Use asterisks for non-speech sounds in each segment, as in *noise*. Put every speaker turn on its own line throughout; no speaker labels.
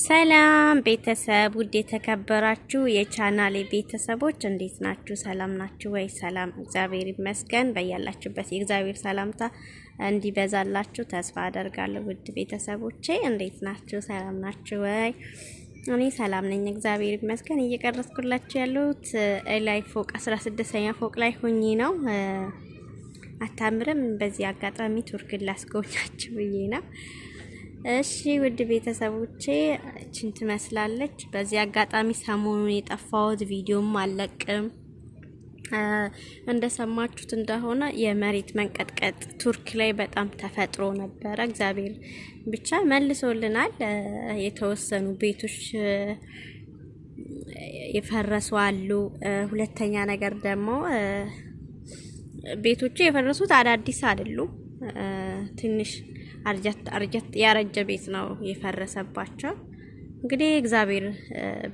ሰላም ቤተሰብ ውድ የተከበራችሁ የቻናሌ ቤተሰቦች እንዴት ናችሁ? ሰላም ናችሁ ወይ? ሰላም እግዚአብሔር ይመስገን። በያላችሁበት የእግዚአብሔር ሰላምታ እንዲበዛላችሁ ተስፋ አደርጋለሁ። ውድ ቤተሰቦቼ እንዴት ናችሁ? ሰላም ናችሁ ወይ? እኔ ሰላም ነኝ፣ እግዚአብሔር ይመስገን። እየቀረጽኩላችሁ ያለሁት ላይ ፎቅ አስራ ስድስተኛ ፎቅ ላይ ሆኜ ነው። አታምርም? በዚህ አጋጣሚ ቱርክን ላስጎብኛችሁ ብዬ ነው እሺ ውድ ቤተሰቦቼ እችን ትመስላለች። በዚህ አጋጣሚ ሰሞኑን የጠፋሁት ቪዲዮም አለቅም። እንደሰማችሁት እንደሆነ የመሬት መንቀጥቀጥ ቱርክ ላይ በጣም ተፈጥሮ ነበረ። እግዚአብሔር ብቻ መልሶልናል። የተወሰኑ ቤቶች የፈረሱ አሉ። ሁለተኛ ነገር ደግሞ ቤቶቹ የፈረሱት አዳዲስ አይደሉም። ትንሽ አርጀት አርጀት ያረጀ ቤት ነው የፈረሰባቸው። እንግዲህ እግዚአብሔር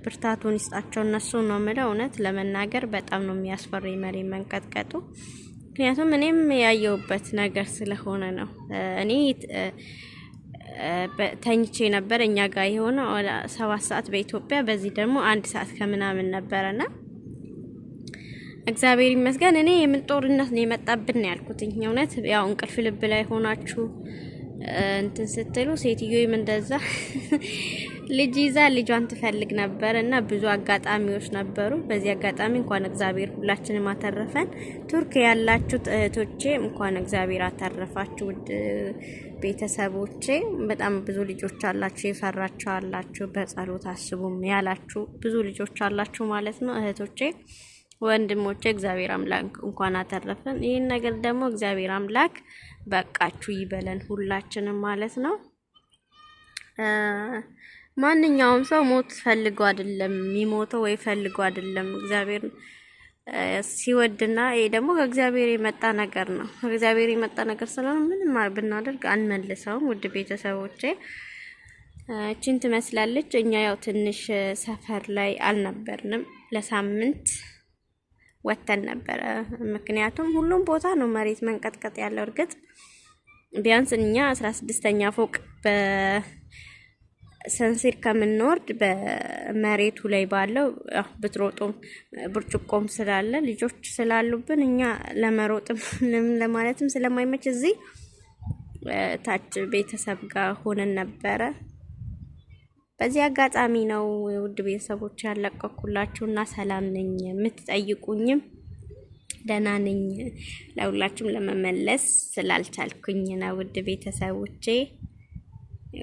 ብርታቱን ይስጣቸው። እነሱ ነው ምለው እውነት ለመናገር በጣም ነው የሚያስፈራ መሬ መንቀጥቀጡ። ምክንያቱም እኔም ያየሁበት ነገር ስለሆነ ነው። እኔ ተኝቼ ነበር እኛ ጋር የሆነ ሰባት ሰዓት በኢትዮጵያ በዚህ ደግሞ አንድ ሰዓት ከምናምን ነበረና እግዚአብሔር ይመስገን እኔ የምን ጦርነት ነው የመጣብን ያልኩትኝ እውነት ያው እንቅልፍ ልብ ላይ ሆናችሁ እንትን ስትሉ ሴትዮይም እንደዛ *laughs* ልጅ ይዛ ልጇን ትፈልግ ነበር እና ብዙ አጋጣሚዎች ነበሩ። በዚህ አጋጣሚ እንኳን እግዚአብሔር ሁላችንም አተረፈን። ቱርክ ያላችሁ እህቶቼ እንኳን እግዚአብሔር አተረፋችሁ። ውድ ቤተሰቦቼ በጣም ብዙ ልጆች አላችሁ፣ የፈራችሁ አላችሁ፣ በጸሎት አስቡም ያላችሁ ብዙ ልጆች አላችሁ ማለት ነው እህቶቼ ወንድሞቼ እግዚአብሔር አምላክ እንኳን አተረፈን። ይህን ነገር ደግሞ እግዚአብሔር አምላክ በቃችሁ ይበለን ሁላችንም ማለት ነው። ማንኛውም ሰው ሞት ፈልጎ አይደለም የሚሞተው ወይ ፈልጎ አይደለም እግዚአብሔር ሲወድና ይሄ ደግሞ ከእግዚአብሔር የመጣ ነገር ነው። ከእግዚአብሔር የመጣ ነገር ስለሆነ ምንም ብናደርግ አንመልሰውም። ውድ ቤተሰቦቼ እችን ትመስላለች። እኛ ያው ትንሽ ሰፈር ላይ አልነበርንም ለሳምንት ወተን ነበረ። ምክንያቱም ሁሉም ቦታ ነው መሬት መንቀጥቀጥ ያለው። እርግጥ ቢያንስ እኛ አስራ ስድስተኛ ፎቅ በሰንሲር ከምንወርድ በመሬቱ ላይ ባለው ብትሮጡም ብርጭቆም ስላለ ልጆች ስላሉብን እኛ ለመሮጥም *laughs* ለማለትም ስለማይመች እዚህ ታች ቤተሰብ ጋር ሆነን ነበረ። በዚህ አጋጣሚ ነው ውድ ቤተሰቦች ያለቀኩላችሁ እና ሰላም ነኝ። የምትጠይቁኝም ደህና ነኝ ለሁላችሁም ለመመለስ ስላልቻልኩኝ ነው። ውድ ቤተሰቦቼ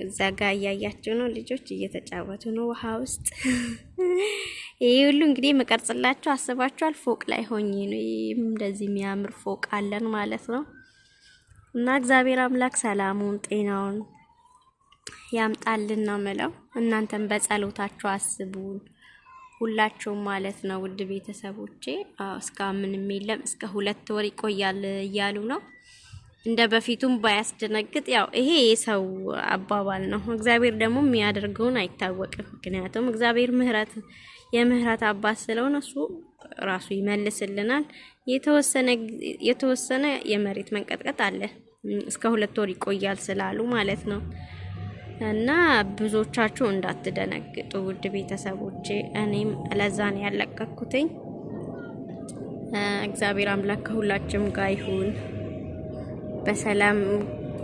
እዛ ጋ እያያችሁ ነው፣ ልጆች እየተጫወቱ ነው ውሃ ውስጥ። ይህ ሁሉ እንግዲህ የምቀርጽላችሁ አስባችኋል፣ ፎቅ ላይ ሆኜ ነው። ይህም እንደዚህ የሚያምር ፎቅ አለን ማለት ነው እና እግዚአብሔር አምላክ ሰላሙን ጤናውን ያምጣልን ነው ምለው። እናንተም በጸሎታችሁ አስቡን ሁላችሁም ማለት ነው። ውድ ቤተሰቦቼ እስካ ምንም የለም እስከ ሁለት ወር ይቆያል እያሉ ነው። እንደ በፊቱም ባያስደነግጥ ያው ይሄ የሰው አባባል ነው። እግዚአብሔር ደግሞ የሚያደርገውን አይታወቅም። ምክንያቱም እግዚአብሔር ምህረት የምህረት አባት ስለሆነ እሱ ራሱ ይመልስልናል። የተወሰነ የመሬት መንቀጥቀጥ አለ እስከ ሁለት ወር ይቆያል ስላሉ ማለት ነው። እና ብዙዎቻችሁ እንዳትደነግጡ ውድ ቤተሰቦቼ፣ እኔም ለዛን ያለቀኩትኝ። እግዚአብሔር አምላክ ከሁላችንም ጋር ይሁን፣ በሰላም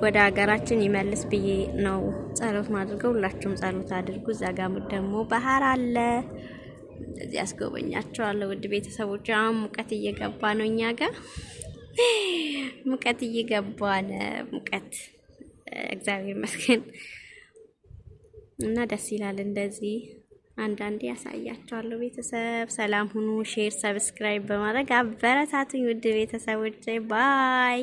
ወደ ሀገራችን ይመልስ ብዬ ነው ጸሎት ማድርገው። ሁላችሁም ጸሎት አድርጉ። እዛ ጋር ደግሞ ባህር አለ። እዚህ ያስጎበኛቸዋለሁ ውድ ቤተሰቦች። አሁን ሙቀት እየገባ ነው፣ እኛ ጋር ሙቀት እየገባ ነው። ሙቀት እግዚአብሔር ይመስገን። እና ደስ ይላል እንደዚህ አንዳንዴ ያሳያቸዋለሁ። ቤተሰብ ሰላም ሁኑ። ሼር፣ ሰብስክራይብ በማድረግ አበረታቱኝ ውድ ቤተሰቦቼ ባይ